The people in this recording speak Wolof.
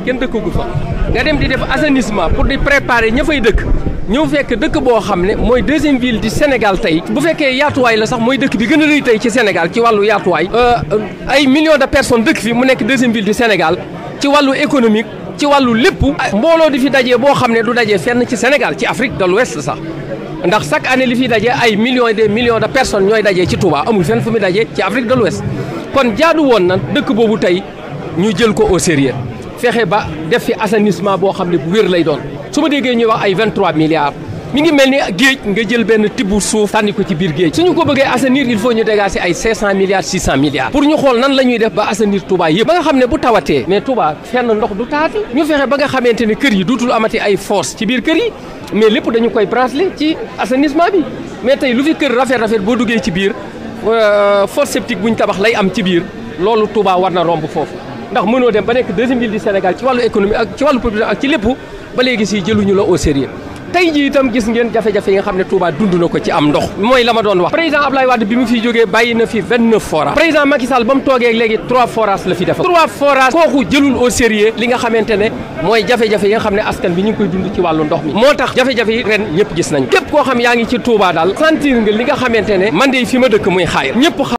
kenn dëkkagu nga dem di def assainissement pour di préparer ña fay dëkk ñëw fekk dëkk boo xam ne mooy deuxième ville Sénégal tey bu fekkee yaatuwaay la sax mooy dëkk di gën a tey ci senegal ci wàllu yaatuwaay euh, ay millions de personnes dëkk fi mu nekk deuxième ville du Sénégal ci wàllu économique ci wàllu lépp mbooloo di fi dajee boo xam ne du dajee fenn ci Sénégal ci Afrique de l'Ouest sax ndax chaque année li fi dajee ay millions et des millions de personnes ñooy dajee ci tubaa amul fenn fu mu dajee ci Afrique de l'Ouest kon jaadu woon na dëkk boobu tey ñu jël ko au sérieux fexe ba def fi assainissement boo xam ne bu wér lay doon su ma déggee ñuy wax ay 23 milliards mi ngi mel ni géej nga jël benn tibb suuf sànni ko ci biir géej ñu ko bëggee assainir il faut ñu dégager ay 500 milliards 600 milliards pour ñu xool nan la ñuy def ba assainir Touba yëpp ba nga xam ne bu tawatee mais Touba fenn ndox du taati ñu fexe ba nga xamante ne kër yi duutul amati ay force ci biir kër yi mais lépp dañu koy braceler ci assainissement bi mais tey lu fi kër rafet rafet boo duggee ci biir euh, fosse septique bu ñu tabax lay am ci biir loolu Touba war na romb foofu ndax mënoo dem ba nekk deuxième ville du Sénégal ci wàllu économie ak ci wàllu population ak ci lépp ba léegi si jëluñu la au sérieux tey jii itam gis ngeen jafe-jafe yi nga xam ne Touba dund na ko ci am ndox mooy la ma doon wax président Abdoulaye Wade bi mu fi jógee bàyyi na fi 29 forages président Macky li nga xamante ne mooy jafe-jafe yi nga xam ne askan bi ñu ngi koy dund ci wàllu ndox mi moo tax jafe-jafe yi ren ñëpp gis nañu képp koo xam yaa ngi ci Touba daal sentir nga li nga xamante ne man de fi ma dëkk muy xaayal ñëpp